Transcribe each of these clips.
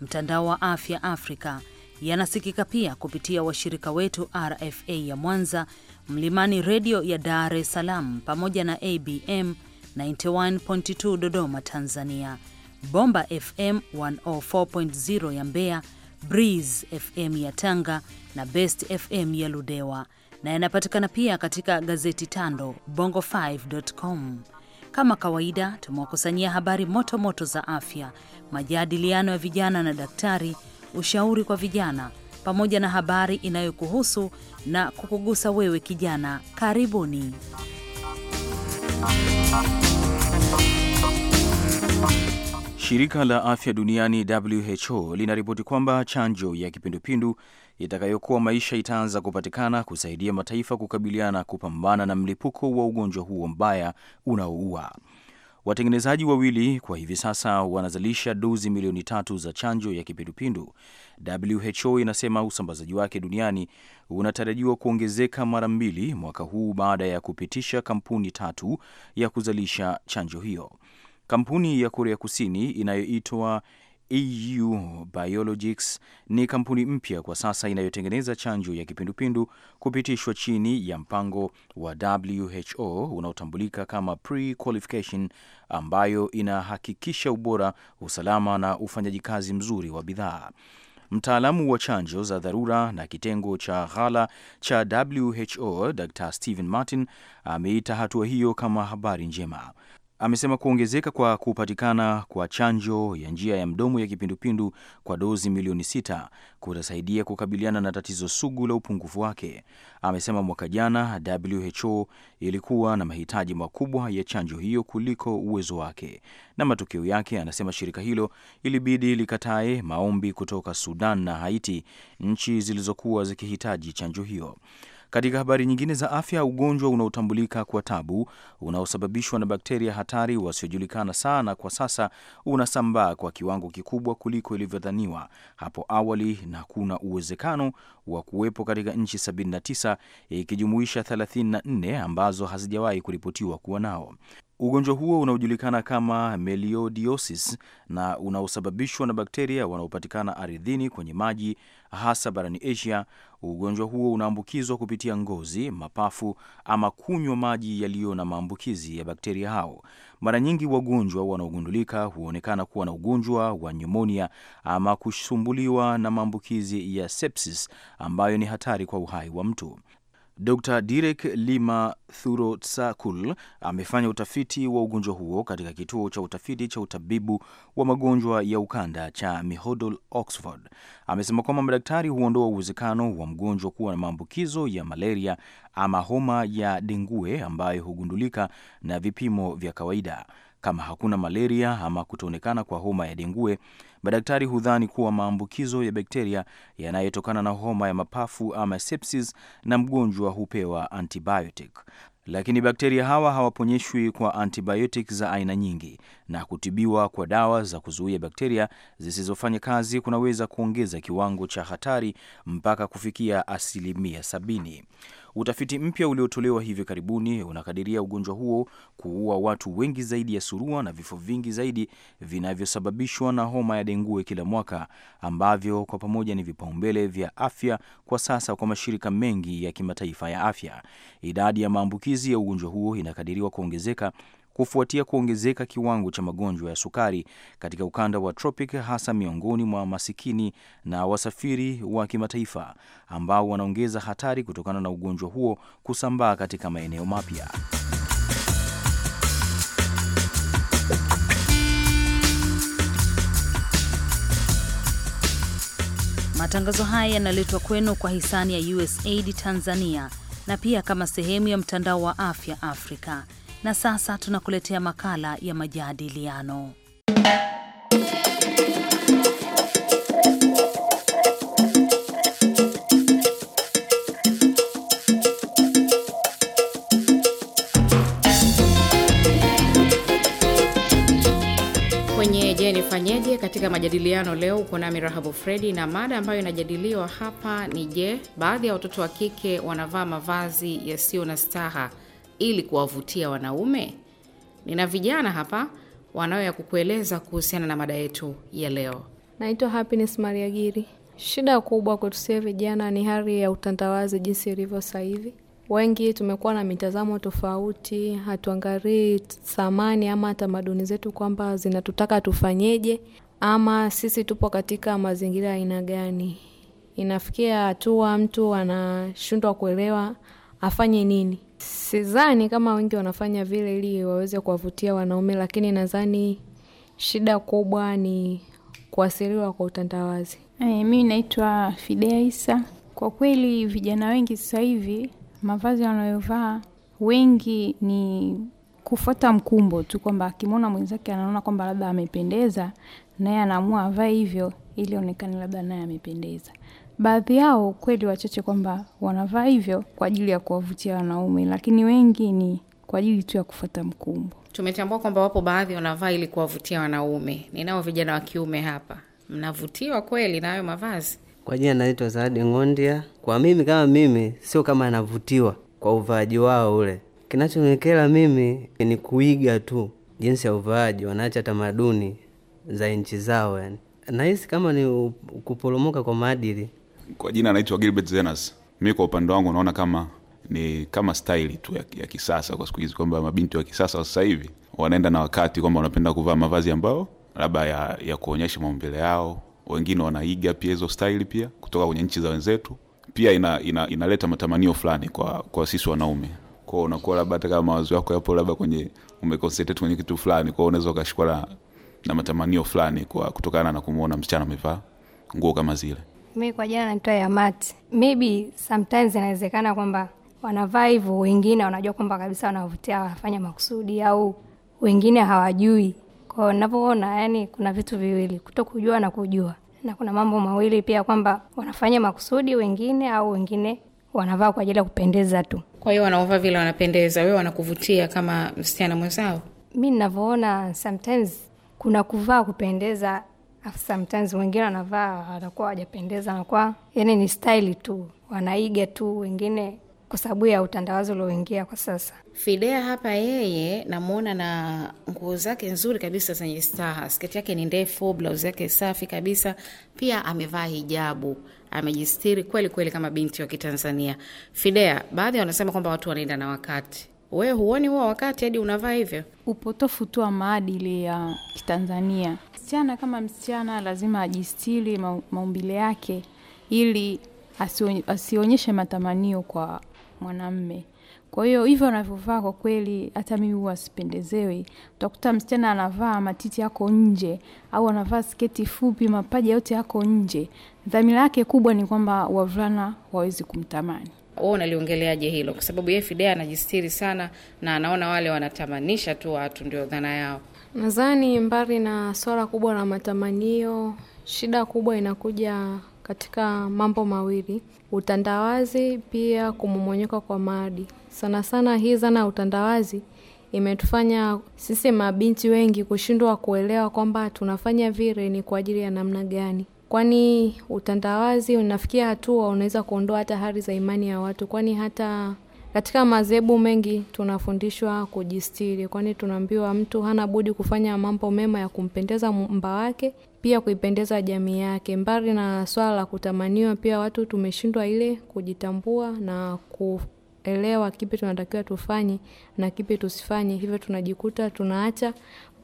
mtandao wa afya Afrika. Yanasikika pia kupitia washirika wetu RFA ya Mwanza, Mlimani Redio ya Dar es Salaam, pamoja na ABM 91.2 Dodoma Tanzania, Bomba FM 104.0 ya Mbeya, Breeze FM ya Tanga na Best FM ya Ludewa, na yanapatikana pia katika gazeti Tando Bongo5.com. Kama kawaida, tumewakusanyia habari moto moto za afya, majadiliano ya vijana na daktari, ushauri kwa vijana, pamoja na habari inayokuhusu na kukugusa wewe kijana. Karibuni. Shirika la Afya Duniani WHO linaripoti kwamba chanjo ya kipindupindu itakayokuwa maisha itaanza kupatikana kusaidia mataifa kukabiliana kupambana na mlipuko wa ugonjwa huo mbaya unaoua. Watengenezaji wawili kwa hivi sasa wanazalisha dozi milioni tatu za chanjo ya kipindupindu. WHO inasema usambazaji wake duniani unatarajiwa kuongezeka mara mbili mwaka huu baada ya kupitisha kampuni tatu ya kuzalisha chanjo hiyo. Kampuni ya Korea Kusini inayoitwa EU Biologics ni kampuni mpya kwa sasa inayotengeneza chanjo ya kipindupindu kupitishwa chini ya mpango wa WHO unaotambulika kama pre-qualification, ambayo inahakikisha ubora, usalama na ufanyaji kazi mzuri wa bidhaa. Mtaalamu wa chanjo za dharura na kitengo cha ghala cha WHO Dr. Stephen Martin ameita hatua hiyo kama habari njema amesema kuongezeka kwa kupatikana kwa chanjo ya njia ya mdomo ya kipindupindu kwa dozi milioni sita kutasaidia kukabiliana na tatizo sugu la upungufu wake. Amesema mwaka jana WHO ilikuwa na mahitaji makubwa ya chanjo hiyo kuliko uwezo wake, na matokeo yake, anasema shirika hilo ilibidi likatae maombi kutoka Sudan na Haiti, nchi zilizokuwa zikihitaji chanjo hiyo. Katika habari nyingine za afya, ugonjwa unaotambulika kwa tabu unaosababishwa na bakteria hatari wasiojulikana sana kwa sasa unasambaa kwa kiwango kikubwa kuliko ilivyodhaniwa hapo awali na kuna uwezekano wa kuwepo katika nchi 79 ikijumuisha 34 ambazo hazijawahi kuripotiwa kuwa nao. Ugonjwa huo unaojulikana kama melioidosis na unaosababishwa na bakteria wanaopatikana ardhini, kwenye maji, hasa barani Asia. Ugonjwa huo unaambukizwa kupitia ngozi, mapafu ama kunywa maji yaliyo na maambukizi ya bakteria hao. Mara nyingi wagonjwa wanaogundulika huonekana kuwa na ugonjwa wa nyumonia ama kusumbuliwa na maambukizi ya sepsis ambayo ni hatari kwa uhai wa mtu. Dr Direk Lima Thurotsakul amefanya utafiti wa ugonjwa huo katika kituo cha utafiti cha utabibu wa magonjwa ya ukanda cha Mihodol, Oxford. Amesema kwamba madaktari huondoa uwezekano wa mgonjwa kuwa na maambukizo ya malaria ama homa ya dengue ambayo hugundulika na vipimo vya kawaida. Kama hakuna malaria ama kutoonekana kwa homa ya dengue, madaktari hudhani kuwa maambukizo ya bakteria yanayotokana na homa ya mapafu ama sepsis, na mgonjwa hupewa antibiotic. Lakini bakteria hawa hawaponyeshwi kwa antibiotic za aina nyingi, na kutibiwa kwa dawa za kuzuia bakteria zisizofanya kazi kunaweza kuongeza kiwango cha hatari mpaka kufikia asilimia sabini. Utafiti mpya uliotolewa hivi karibuni unakadiria ugonjwa huo kuua watu wengi zaidi ya surua na vifo vingi zaidi vinavyosababishwa na homa ya dengue kila mwaka, ambavyo kwa pamoja ni vipaumbele vya afya kwa sasa kwa mashirika mengi ya kimataifa ya afya. Idadi ya maambukizi ya ugonjwa huo inakadiriwa kuongezeka kufuatia kuongezeka kiwango cha magonjwa ya sukari katika ukanda wa tropic, hasa miongoni mwa masikini na wasafiri wa kimataifa ambao wanaongeza hatari kutokana na ugonjwa huo kusambaa katika maeneo mapya. Matangazo haya yanaletwa kwenu kwa hisani ya USAID Tanzania na pia kama sehemu ya mtandao wa afya Afrika. Na sasa tunakuletea makala ya majadiliano. Kwenye nifanyeje katika majadiliano leo uko nami Rahabu Fredi, na mada ambayo inajadiliwa hapa ni je, baadhi ya watoto wa kike wanavaa mavazi yasiyo na staha ili kuwavutia wanaume? Nina vijana hapa wanao ya kukueleza kuhusiana na mada yetu ya leo. Naitwa Happiness Maria Giri. Shida kubwa kwetu sie vijana ni hali ya utandawazi jinsi ilivyo sasa hivi. Wengi tumekuwa na mitazamo tofauti, hatuangalii thamani ama tamaduni zetu kwamba zinatutaka tufanyeje ama sisi tupo katika mazingira aina gani. Inafikia hatua mtu anashindwa kuelewa afanye nini sizani kama wengi wanafanya vile ili waweze kuwavutia wanaume, lakini nadhani shida kubwa ni kuasiriwa kwa utandawazi. E, eh, mimi naitwa Fidea Isa. Kwa kweli vijana wengi sasa hivi mavazi wanayovaa wengi ni kufuata mkumbo tu, kwamba akimwona mwenzake anaona kwamba labda amependeza, naye anaamua avae hivyo ili aonekane labda naye amependeza baadhi yao kweli wachache kwamba wanavaa hivyo kwa ajili ya kuwavutia wanaume, lakini wengi ni kwa ajili tu ya kufata mkumbo. Tumetambua kwamba wapo baadhi wanavaa ili kuwavutia wanaume. Ninao vijana wa kiume hapa, mnavutiwa kweli na hayo mavazi? Kwa jina naitwa Zawadi Ng'ondia. Kwa mimi kama mimi, sio kama anavutiwa kwa uvaaji wao ule. Kinachonekela mimi ni kuiga tu jinsi ya uvaaji, wanaacha tamaduni za nchi zao. Yani nahisi kama ni kuporomoka kwa maadili kwa jina anaitwa Gilbert Zenas. Mimi kwa upande wangu naona kama ni kama style tu ya, ya kisasa kwa siku hizi, kwamba mabinti wa kisasa wa sasa hivi wanaenda na wakati, kwamba wanapenda kuvaa mavazi ambayo labda ya, ya kuonyesha maumbile yao. Wengine wanaiga pia hizo style pia kutoka kwenye nchi za wenzetu, pia ina, ina, inaleta matamanio fulani kwa, kwa sisi wanaume kwao. Unakuwa labda hata kama mawazo yako yapo labda kwenye umeconcentrate kwenye kitu fulani, kwao unaweza ukashikwa na, matamanio fulani kwa kutokana na kumuona msichana amevaa nguo kama zile mi kwa jina naitwa yamat Maybe sometimes inawezekana kwamba wanavaa hivyo, wengine wanajua kwamba kabisa wanavutia, wanafanya makusudi, au wengine hawajui. Kwao navoona yani kuna vitu viwili, kuto kujua na kujua, na kuna mambo mawili pia, kwamba wanafanya makusudi wengine, au wengine wanavaa kwa ajili ya kupendeza tu. Kwa hiyo wanaova vile wanapendeza, wewe wanakuvutia kama msichana mwenzao? Mi navoona sometimes kuna kuvaa kupendeza sometimes wengine wanavaa wanakuwa wajapendeza, nakwa yani ni staili tu, wanaiga tu wengine kwa sababu ya utandawazi ulioingia kwa sasa. Fidea hapa yeye namwona na nguo zake nzuri kabisa zenye staha, sketi yake ni ndefu, blauzi yake safi kabisa, pia amevaa hijabu, amejistiri kweli kweli kama binti wa Kitanzania. Fidea, baadhi wanasema kwamba watu wanaenda na wakati we huoni huo wakati hadi unavaa hivyo? Upotofu tu wa maadili ya Kitanzania. Msichana kama msichana lazima ajistili maumbile yake ili asionyeshe matamanio kwa mwanamme. Kwa hiyo hivyo anavyovaa kwa kweli, hata mimi huwa sipendezewi. Utakuta msichana anavaa matiti yako nje, au anavaa sketi fupi, mapaja yote yako nje. Dhamira yake kubwa ni kwamba wavulana wawezi kumtamani wewe unaliongeleaje hilo? Kwa sababu yeye Fidea anajistiri sana na anaona wale wanatamanisha tu watu, ndio dhana yao. Nadhani mbali na swala kubwa la matamanio, shida kubwa inakuja katika mambo mawili: utandawazi, pia kumomonyoka kwa maadi Sana sana hii zana ya utandawazi imetufanya sisi mabinti wengi kushindwa kuelewa kwamba tunafanya vile ni kwa ajili ya namna gani kwani utandawazi unafikia hatua unaweza kuondoa hata hari za imani ya watu, kwani hata katika madhehebu mengi tunafundishwa kujistiri, kwani tunaambiwa mtu hana budi kufanya mambo mema ya kumpendeza mba wake, pia kuipendeza jamii yake. Mbali na swala la kutamaniwa, pia watu tumeshindwa ile kujitambua na kuelewa kipi tunatakiwa tufanye na kipi tusifanye, hivyo tunajikuta tunaacha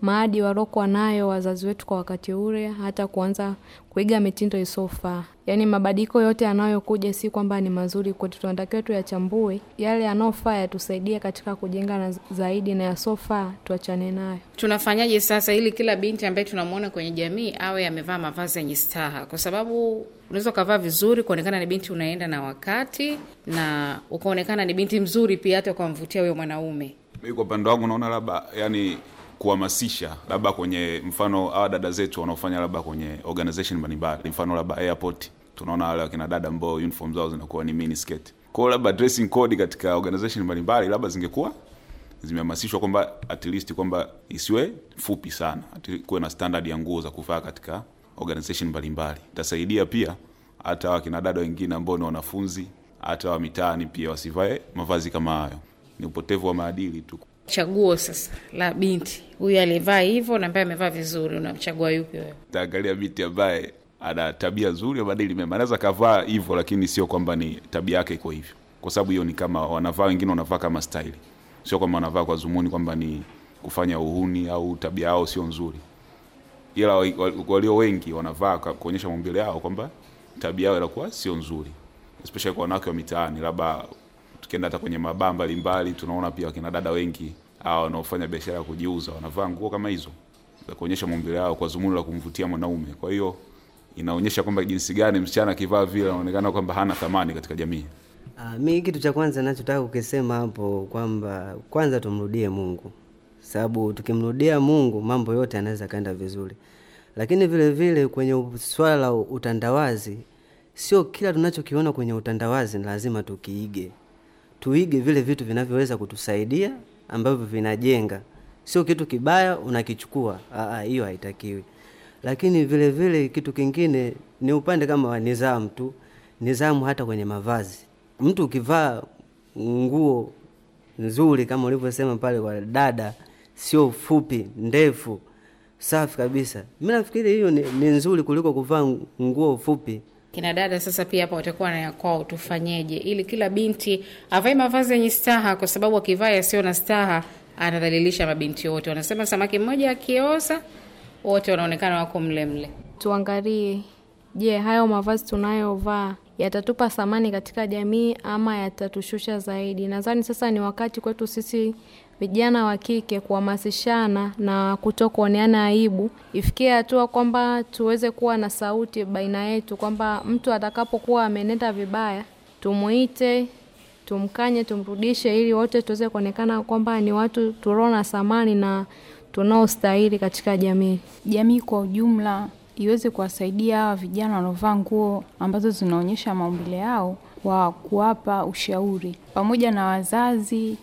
maadi waliokuwa nayo wazazi wetu kwa wakati ule, hata kuanza kuiga mitindo isiyofaa. Yaani mabadiliko yote yanayokuja si kwamba ni mazuri kwetu, tunatakiwa tuyachambue, yale yanayofaa yatusaidia katika kujenga na zaidi, na yasiyofaa tuachane nayo. Tunafanyaje sasa ili kila binti ambaye tunamwona kwenye jamii awe amevaa mavazi yenye staha? Kwa sababu unaweza ukavaa vizuri kuonekana ni binti unaenda na wakati, na ukaonekana ni binti mzuri pia, hata ukamvutia huyo mwanaume. Mi kwa upande wangu naona labda yani kuhamasisha labda kwenye mfano hawa dada zetu wanaofanya labda kwenye organization mbalimbali, mfano labda airport, tunaona wale wakina dada ambao uniform zao zinakuwa ni mini skirt. Kwa hiyo labda dressing code katika organization mbalimbali labda zingekuwa zimehamasishwa kwamba at least kwamba isiwe fupi sana, kuwe na standard ya nguo za kuvaa katika organization mbalimbali. Itasaidia pia hata wakina dada wengine ambao ni wanafunzi, hata wa mitaani pia wasivae mavazi kama hayo. Ni upotevu wa maadili tu chaguo sasa la binti huyu aliyevaa hivo nambaye amevaa vizuri, unamchagua yupi wewe? Taangalia binti ambaye ana tabia nzuri, amadili mema. Anaweza kavaa hivo lakini sio kwamba ni tabia yake iko hivyo, kwa sababu hiyo ni kama wanavaa wengine, wanavaa kama staili, sio kwamba wanavaa kwa zumuni kwamba ni kufanya uhuni au tabia yao sio nzuri, ila walio wengi wanavaa kuonyesha maumbile yao kwamba tabia yao inakuwa sio nzuri, especially kwa wanawake wa mitaani, labda tukienda hata kwenye mabaa mbalimbali tunaona pia wakina dada wengi hawa wanaofanya biashara ya kujiuza wanavaa nguo kama hizo za kuonyesha maumbile yao kwa dhumuni la kumvutia mwanaume. Kwa hiyo inaonyesha kwamba jinsi gani msichana akivaa vile anaonekana kwamba hana thamani katika jamii. Ah, mi kitu cha kwanza ninachotaka kukisema hapo kwamba kwanza tumrudie Mungu, sababu tukimrudia Mungu mambo yote anaweza kaenda vizuri. Lakini vile vile kwenye swala la utandawazi, sio kila tunachokiona kwenye utandawazi lazima tukiige tuige vile vitu vinavyoweza kutusaidia ambavyo vinajenga, sio kitu kibaya unakichukua. Aa, ah, ah, hiyo haitakiwi. Lakini vile vile kitu kingine ni upande kama wa nidhamu tu, nidhamu hata kwenye mavazi. Mtu ukivaa nguo nzuri kama ulivyosema pale kwa dada, sio fupi, ndefu, safi kabisa, mi nafikiri hiyo ni, ni nzuri kuliko kuvaa nguo fupi kina dada sasa pia hapa watakuwa na kwao, tufanyeje ili kila binti avae mavazi yenye staha, kwa sababu akivaa yasiyo na staha anadhalilisha mabinti wote. Wanasema samaki mmoja akioza wote wanaonekana wako mlemle Tuangalie, je, hayo mavazi tunayovaa yatatupa thamani katika jamii ama yatatushusha zaidi? Nadhani sasa ni wakati kwetu sisi vijana wa kike kuhamasishana na kutokuoneana aibu, ifikie hatua kwamba tuweze kuwa na sauti baina yetu, kwamba mtu atakapokuwa amenenda vibaya tumuite, tumkanye, tumrudishe, ili wote tuweze kuonekana kwamba ni watu tulio na thamani na tunaostahili katika jamii. Jamii kwa ujumla iweze kuwasaidia hawa vijana wanaovaa nguo ambazo zinaonyesha maumbile yao kwa kuwapa ushauri pamoja na wazazi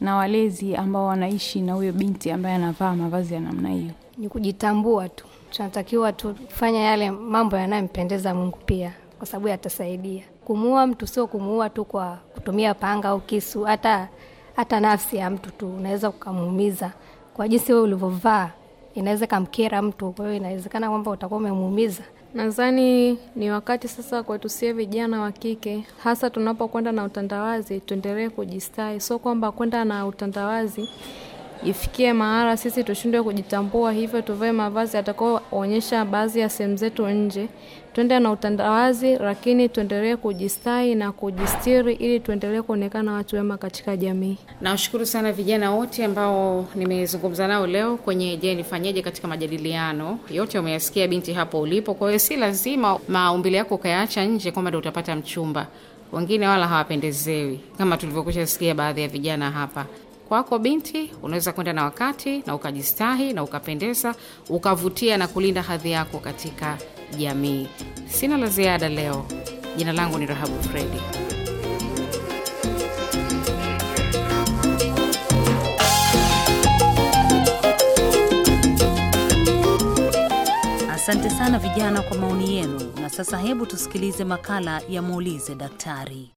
na walezi ambao wanaishi na huyo binti ambaye anavaa mavazi ya namna hiyo. Ni kujitambua tu, tunatakiwa tufanya yale mambo yanayompendeza Mungu pia, kwa sababu yatasaidia kumuua mtu, sio kumuua tu kwa kutumia panga au kisu, hata hata nafsi ya mtu tu unaweza ukamuumiza kwa jinsi wewe ulivyovaa inaweza ikamkera mtu, kwa hiyo inawezekana kwamba utakuwa umemuumiza. Nadhani ni wakati sasa kwetu sie vijana wa kike, hasa tunapokwenda na utandawazi, tuendelee kujistai sio kwamba kwenda na utandawazi Ifikie mahala sisi tushindwe kujitambua, hivyo tuvae mavazi yatakayoonyesha baadhi ya sehemu zetu nje. Twende na utandawazi, lakini tuendelee kujistahi na kujistiri ili tuendelee kuonekana watu wema katika jamii. Nawashukuru sana vijana wote ambao nimezungumza nao leo kwenye Je, nifanyeje katika majadiliano. Yote umeyasikia binti hapo ulipo, kwa hiyo si lazima maumbile yako ukayaacha nje kwamba ndo utapata mchumba. Wengine wala hawapendezewi kama tulivyokwisha sikia baadhi ya vijana hapa kwako binti, unaweza kwenda na wakati na ukajistahi na ukapendeza ukavutia na kulinda hadhi yako katika jamii. Sina la ziada leo. Jina langu ni Rahabu Fredi. Asante sana vijana kwa maoni yenu. Na sasa hebu tusikilize makala ya muulize daktari.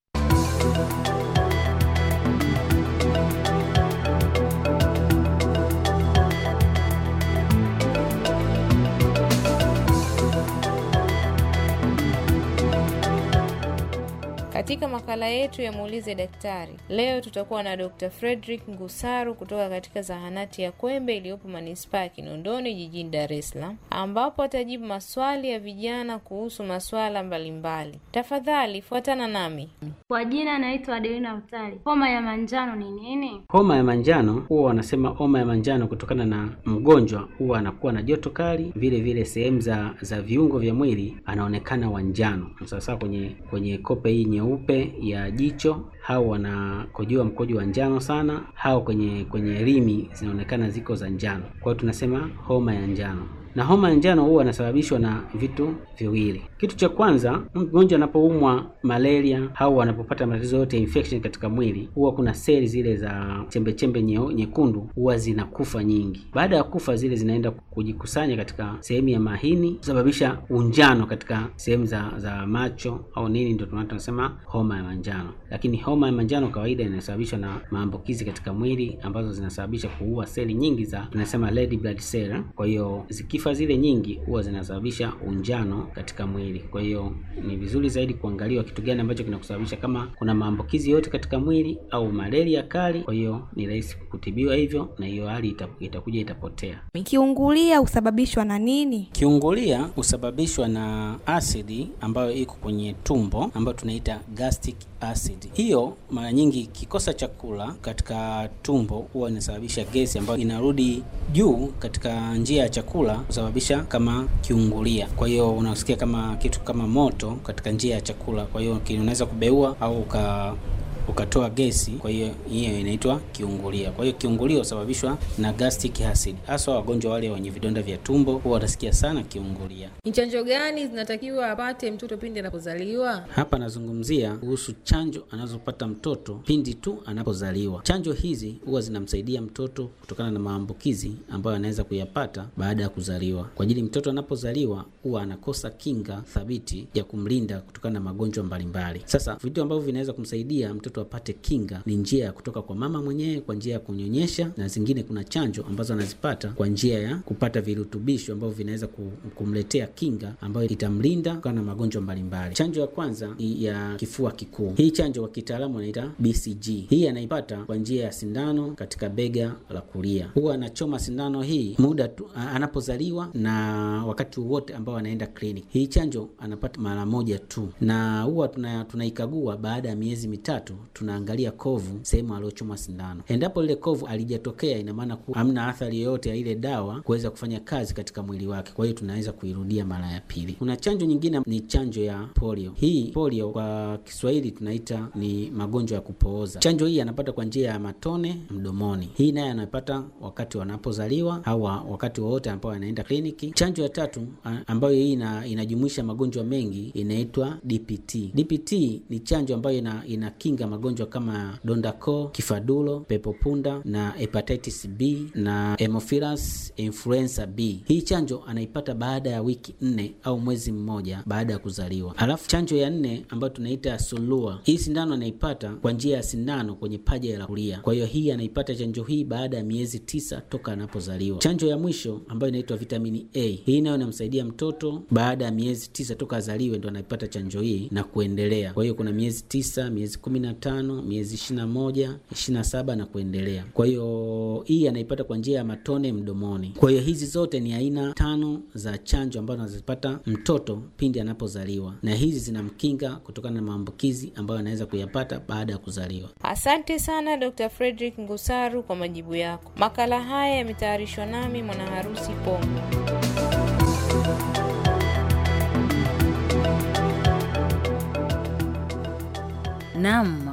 Katika makala yetu ya muulize daktari leo tutakuwa na Dr. Frederick Ngusaru kutoka katika zahanati ya Kwembe iliyopo manispaa ya Kinondoni jijini Dar es ambapo atajibu maswali ya vijana kuhusu maswala mbalimbali. Tafadhali fuatana nami. Kwa jina anaitwa Adelina Utali. Homa ya manjano ni nini? Homa ya manjano huwa wanasema homa ya manjano kutokana na mgonjwa huwa anakuwa na joto kali, vile vile sehemu za za viungo vya mwili anaonekana wanjano, sawasawa kwenye kwenye kope hii nyeupe y a Gicho. hao wanakojoa mkojo wa njano sana, hao kwenye kwenye rimi zinaonekana ziko za njano. Kwa hiyo tunasema homa ya njano na homa ya njano huwa anasababishwa na vitu viwili. Kitu cha kwanza, mgonjwa anapoumwa malaria au anapopata matatizo yote infection katika mwili, huwa kuna seli zile za chembechembe nyekundu huwa zinakufa nyingi. Baada ya kufa, zile zinaenda kujikusanya katika sehemu ya mahini kusababisha unjano katika sehemu za, za macho au nini, ndio tunasema homa ya manjano. Lakini Homa ya manjano kawaida inasababishwa na maambukizi katika mwili ambazo zinasababisha kuua seli nyingi za tunasema red blood cell. Kwa hiyo zikifa zile nyingi huwa zinasababisha unjano katika mwili. Kwa hiyo ni vizuri zaidi kuangaliwa kitu gani ambacho kinakusababisha, kama kuna maambukizi yote katika mwili au malaria kali. Kwa hiyo ni rahisi kutibiwa hivyo, na hiyo hali itakuja itapotea. Kiungulia husababishwa na nini? Kiungulia husababishwa na asidi ambayo iko kwenye tumbo ambayo tunaita gastric acid. Hiyo mara nyingi kikosa chakula katika tumbo huwa inasababisha gesi ambayo inarudi juu katika njia ya chakula kusababisha kama kiungulia. Kwa hiyo unasikia kama kitu kama moto katika njia ya chakula, kwa hiyo unaweza kubeua au ukatoa gesi, kwa hiyo hiyo inaitwa kiungulia. Kwa hiyo kiungulia husababishwa na gastric acid, hasa wagonjwa wale wenye vidonda vya tumbo huwa watasikia sana kiungulia. Ni chanjo gani zinatakiwa apate mtoto pindi anapozaliwa? Hapa anazungumzia kuhusu chanjo anazopata mtoto pindi tu anapozaliwa. Chanjo hizi huwa zinamsaidia mtoto kutokana na maambukizi ambayo anaweza kuyapata baada ya kuzaliwa. Kwa ajili mtoto anapozaliwa huwa anakosa kinga thabiti ya kumlinda kutokana na magonjwa mbalimbali. Sasa vitu ambavyo vinaweza kumsaidia mtoto mtoto apate kinga ni njia ya kutoka kwa mama mwenyewe kwa njia ya kunyonyesha, na zingine kuna chanjo ambazo anazipata kwa njia ya kupata virutubisho ambavyo vinaweza kumletea kinga ambayo itamlinda kutokana na magonjwa mbalimbali. Chanjo ya kwanza ni ya kifua kikuu. Hii chanjo kwa kitaalamu anaita BCG. Hii anaipata kwa njia ya sindano katika bega la kulia. Huwa anachoma sindano hii muda tu anapozaliwa na wakati wote ambao anaenda kliniki. Hii chanjo anapata mara moja tu, na huwa tunaikagua tuna baada ya miezi mitatu tunaangalia kovu sehemu aliochoma sindano. Endapo lile kovu alijatokea, ina maana kuwa hamna athari yoyote ya ile dawa kuweza kufanya kazi katika mwili wake, kwa hiyo tunaweza kuirudia mara ya pili. Kuna chanjo nyingine ni chanjo ya polio. Hii polio kwa Kiswahili tunaita ni magonjwa ya kupooza. Chanjo hii anapata kwa njia ya matone mdomoni. Hii naye anapata wakati wanapozaliwa au wakati wowote ambao anaenda kliniki. Chanjo ya tatu ambayo hii ina, inajumuisha magonjwa mengi inaitwa DPT. DPT ni chanjo ambayo ina, ina kinga magonjwa kama donda koo, kifadulo, pepopunda na hepatitis B na hemophilus influenza B. Hii chanjo anaipata baada ya wiki nne au mwezi mmoja baada ya kuzaliwa. Alafu chanjo ya nne ambayo tunaita sulua, hii sindano anaipata kwa njia ya sindano kwenye paja la kulia. Kwa hiyo hii anaipata chanjo hii baada ya miezi tisa toka anapozaliwa. Chanjo ya mwisho ambayo inaitwa vitamini A, hii nayo inamsaidia mtoto baada ya miezi tisa toka azaliwe, ndo anaipata chanjo hii na kuendelea. Kwa hiyo kuna miezi tisa, miezi kumi na tano, miezi 21, 27 na kuendelea. Kwa hiyo hii anaipata kwa njia ya matone mdomoni. Kwa hiyo hizi zote ni aina tano za chanjo ambazo anazipata mtoto pindi anapozaliwa, na hizi zinamkinga kutokana na maambukizi ambayo anaweza kuyapata baada ya kuzaliwa. Asante sana Dr. Frederick Ngusaru kwa majibu yako. Makala haya yametayarishwa nami harusi Pongo. Naam,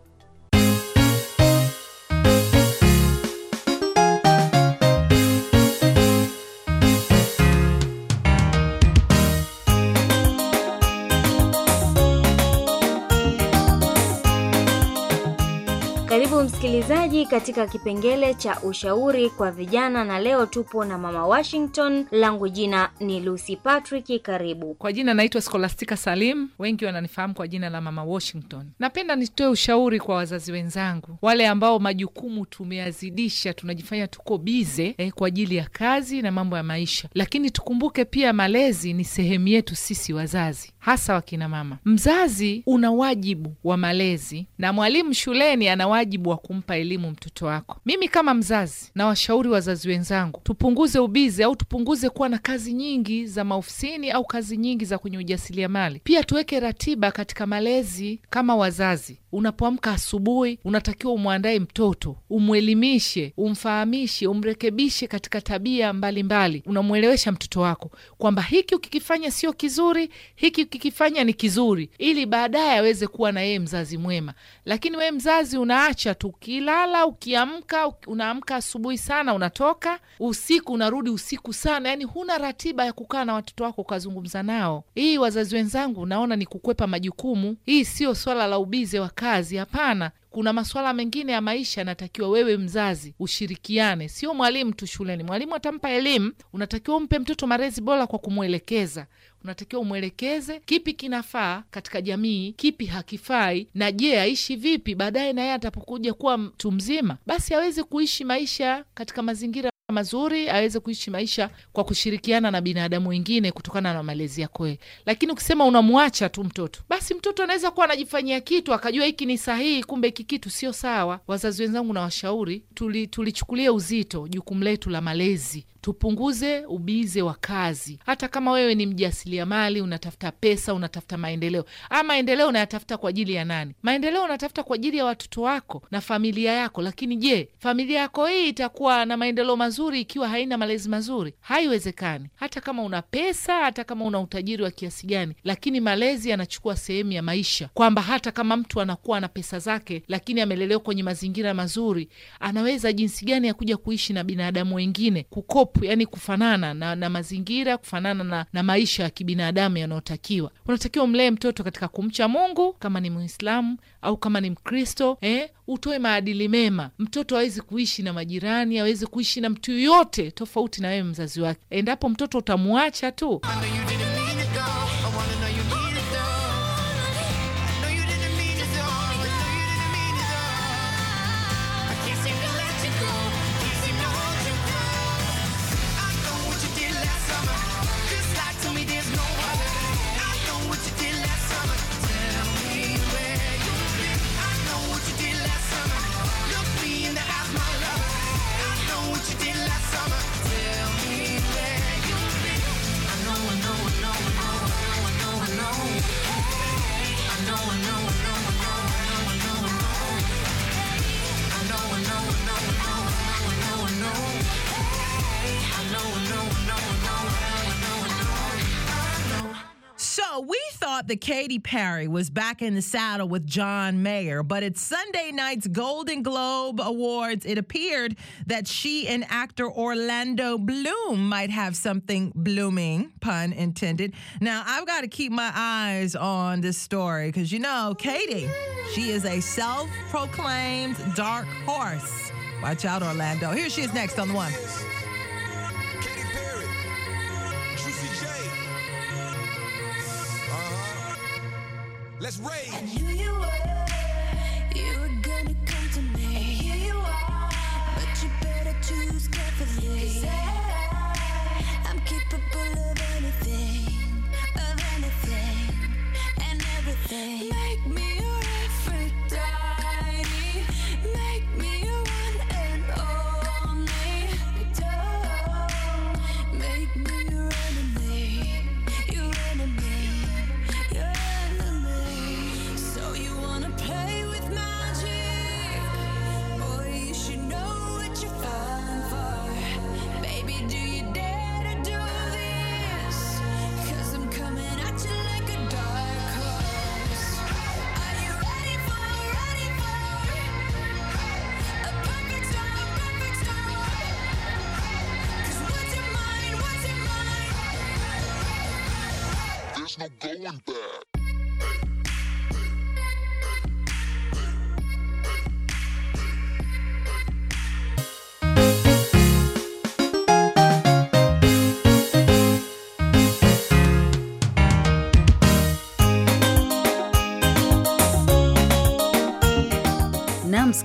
msikilizaji, katika kipengele cha ushauri kwa vijana, na leo tupo na mama Washington. Langu jina ni Lucy Patrick, karibu. Kwa jina naitwa Scholastica Salim, wengi wananifahamu kwa jina la mama Washington. Napenda nitoe ushauri kwa wazazi wenzangu, wale ambao majukumu tumeyazidisha, tunajifanya tuko bize eh, kwa ajili ya kazi na mambo ya maisha, lakini tukumbuke pia malezi ni sehemu yetu sisi wazazi hasa wakina mama. Mzazi una wajibu wa malezi na mwalimu shuleni ana wajibu wa kumpa elimu mtoto wako. Mimi kama mzazi na washauri wazazi wenzangu, tupunguze ubizi au tupunguze kuwa na kazi nyingi za maofisini au kazi nyingi za kwenye ujasiriamali. Pia tuweke ratiba katika malezi kama wazazi, Unapoamka asubuhi, unatakiwa umwandae mtoto, umwelimishe, umfahamishe, umrekebishe katika tabia mbalimbali. Unamwelewesha mtoto wako kwamba hiki ukikifanya sio kizuri, hiki ukikifanya ni kizuri, ili baadaye aweze kuwa na yeye mzazi mwema. Lakini wewe mzazi unaacha tu, ukilala, ukiamka, unaamka asubuhi sana, unatoka usiku, unarudi usiku sana, yani huna ratiba ya kukaa na watoto wako ukazungumza nao. Hii wazazi wenzangu, naona ni kukwepa majukumu. Hii sio swala la ubize wa kazi. Hapana, kuna masuala mengine ya maisha yanatakiwa wewe mzazi ushirikiane, sio mwalimu tu shuleni. Mwalimu atampa elimu, unatakiwa umpe mtoto malezi bora kwa kumwelekeza unatakiwa umwelekeze kipi kinafaa katika jamii, kipi hakifai, na je, aishi vipi baadaye. Naye atapokuja kuwa mtu mzima, basi aweze kuishi maisha katika mazingira mazuri aweze kuishi maisha kwa kushirikiana na binadamu wengine kutokana na malezi yako Lakini ukisema unamwacha tu mtoto, basi mtoto anaweza kuwa anajifanyia kitu akajua hiki ni sahihi, kumbe hiki kitu sio sawa. Wazazi wenzangu na washauri, tulichukulia tuli uzito jukumu letu la malezi tupunguze ubize wa kazi. Hata kama wewe ni mjasiriamali, unatafuta pesa, unatafuta maendeleo. Aa, ah, maendeleo unayatafuta kwa ajili ya nani? Maendeleo unatafuta kwa ajili ya watoto wako na familia yako. Lakini je, familia yako hii itakuwa na maendeleo mazuri ikiwa haina malezi mazuri? Haiwezekani. Hata kama una pesa, hata kama una utajiri wa kiasi gani, lakini malezi yanachukua sehemu ya maisha, kwamba hata kama mtu anakuwa na pesa zake, lakini amelelewa kwenye mazingira mazuri, anaweza jinsi gani ya kuja kuishi na binadamu wengine kuko cope, yani kufanana na, na mazingira kufanana na, na maisha ya kibinadamu yanayotakiwa. Unatakiwa mlee mtoto katika kumcha Mungu kama ni Muislamu au kama ni Mkristo eh? Utoe maadili mema. Mtoto awezi kuishi na majirani, awezi kuishi na mtu yoyote tofauti na wewe mzazi wake, endapo mtoto utamwacha tu we thought that Katy Perry was back in the saddle with John Mayer, but at Sunday night's Golden Globe Awards, it appeared that she and actor Orlando Bloom might have something blooming, pun intended. Now, I've got to keep my eyes on this story because you know, Katy, she is a self proclaimed dark horse. Watch out, Orlando. Here she is next on the one. Let's rage. I knew you were, you were gonna come to me. And here you are, but you better choose carefully. Cause I, I'm capable of anything.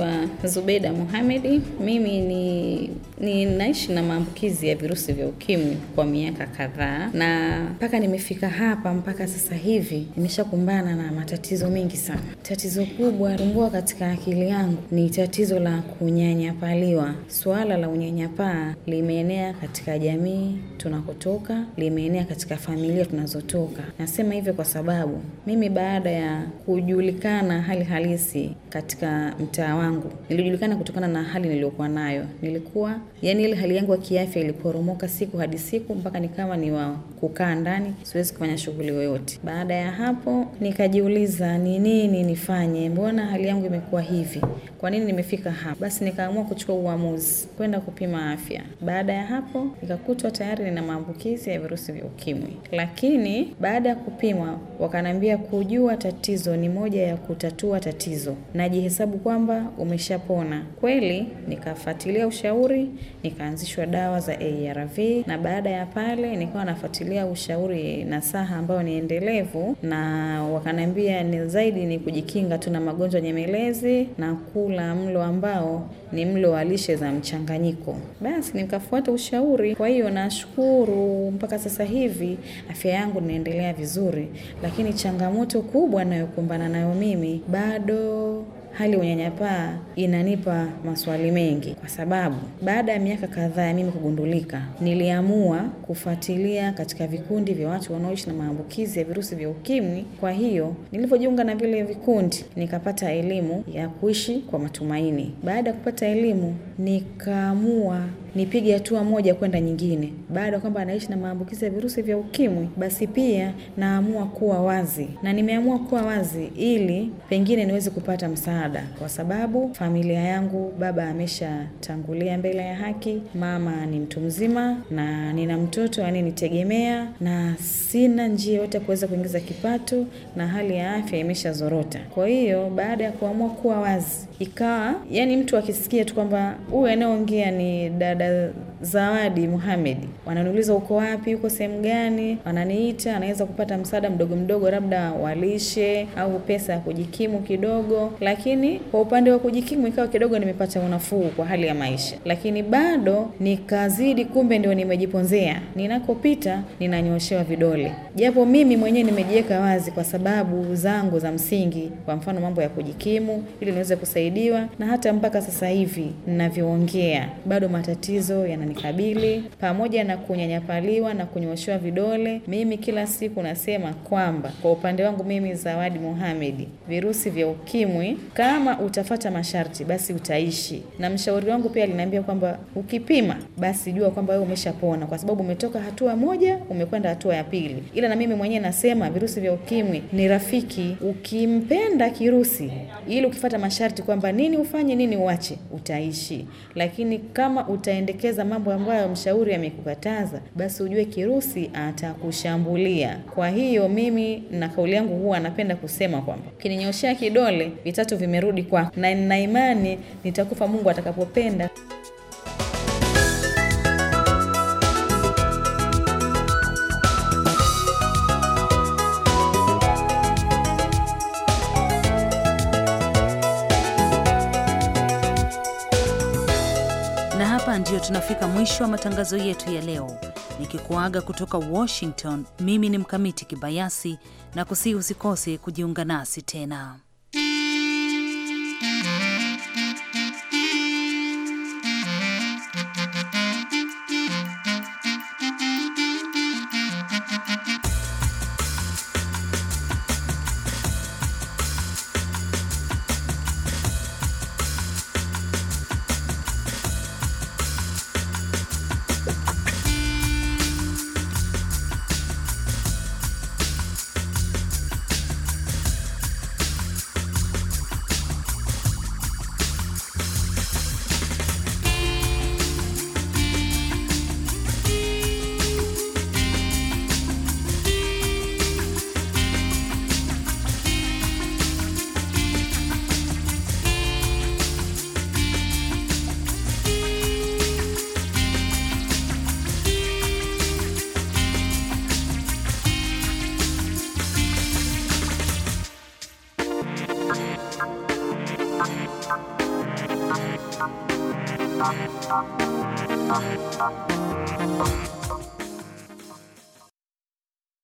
naitwa Zubeda Muhamedi. Mimi ni, ni naishi na maambukizi ya virusi vya ukimwi kwa miaka kadhaa, na mpaka nimefika hapa mpaka sasa hivi nimeshakumbana na matatizo mengi sana. Tatizo kubwa rumbua katika akili yangu ni tatizo la kunyanyapaliwa. Suala la unyanyapaa limeenea katika jamii tunakotoka, limeenea katika familia tunazotoka. Nasema hivyo kwa sababu mimi baada ya kujulikana hali halisi katika mtaa wangu. Nilijulikana kutokana na hali niliyokuwa nayo. Nilikuwa yani, ile hali yangu ya kiafya iliporomoka siku hadi siku, mpaka nikawa ni wa kukaa ndani, siwezi kufanya shughuli yoyote. Baada ya hapo, nikajiuliza ni nini nifanye, mbona hali yangu imekuwa hivi, kwa nini nimefika hapa? Basi nikaamua kuchukua uamuzi kwenda kupima afya. Baada ya hapo, nikakutwa tayari nina maambukizi ya virusi vya UKIMWI, lakini baada ya kupimwa wakaniambia kujua tatizo ni moja ya kutatua tatizo. Najihesabu kwamba umeshapona kweli. Nikafuatilia ushauri, nikaanzishwa dawa za ARV, na baada ya pale nikawa nafuatilia ushauri na saha ambayo ni endelevu, na wakaniambia ni zaidi ni kujikinga tu na magonjwa nyemelezi na kula mlo ambao ni mlo wa lishe za mchanganyiko. Basi nikafuata ushauri. Kwa hiyo nashukuru mpaka sasa hivi afya yangu inaendelea vizuri, lakini changamoto kubwa nayokumbana nayo mimi bado hali ya unyanyapaa inanipa maswali mengi, kwa sababu baada ya miaka kadhaa ya mimi kugundulika, niliamua kufuatilia katika vikundi vya watu wanaoishi na maambukizi ya virusi vya UKIMWI. Kwa hiyo nilivyojiunga na vile vikundi, nikapata elimu ya kuishi kwa matumaini. Baada ya kupata elimu, nikaamua nipige hatua moja kwenda nyingine. Baada ya kwamba anaishi na maambukizi ya virusi vya ukimwi, basi pia naamua kuwa wazi, na nimeamua kuwa wazi ili pengine niweze kupata msaada, kwa sababu familia yangu, baba ameshatangulia mbele ya haki, mama ni mtu mzima na nina mtoto yaani nitegemea na sina njia yote ya kuweza kuingiza kipato, na hali ya afya imeshazorota. Kwa hiyo baada ya kuamua kuwa wazi, ikawa yani mtu akisikia tu kwamba huyu anayeongea ni dada らう Zawadi Muhammad wananiuliza uko wapi, uko sehemu gani, wananiita, anaweza kupata msaada mdogo mdogo, labda walishe au pesa ya kujikimu kidogo. Lakini kwa upande wa kujikimu ikawa kidogo nimepata unafuu kwa hali ya maisha, lakini bado nikazidi, kumbe ndio nimejiponzea. Ninakopita ninanyoshewa vidole, japo mimi mwenyewe nimejiweka wazi kwa sababu zangu za msingi, kwa mfano mambo ya kujikimu, ili niweze kusaidiwa, na hata mpaka sasa hivi ninavyoongea bado matatizo yana yananikabili, pamoja na kunyanyapaliwa na kunyooshewa vidole. Mimi kila siku nasema kwamba kwa upande wangu mimi Zawadi Mohamed, virusi vya ukimwi kama utafata masharti basi utaishi, na mshauri wangu pia aliniambia kwamba ukipima basi jua kwamba wewe umeshapona, kwa sababu umetoka hatua moja umekwenda hatua ya pili. Ila na mimi mwenyewe nasema virusi vya ukimwi ni rafiki, ukimpenda kirusi, ili ukifata masharti kwamba nini ufanye nini uache, utaishi, lakini kama utaendekeza mambo ambayo mshauri amekukataza, basi ujue kirusi atakushambulia. Kwa hiyo mimi na kauli yangu huwa napenda kusema kwamba ukininyoshea kidole vitatu vimerudi kwako, na nina imani nitakufa Mungu atakapopenda. tunafika mwisho wa matangazo yetu ya leo, nikikuaga kutoka Washington. Mimi ni Mkamiti Kibayasi na kusihi usikose kujiunga nasi tena.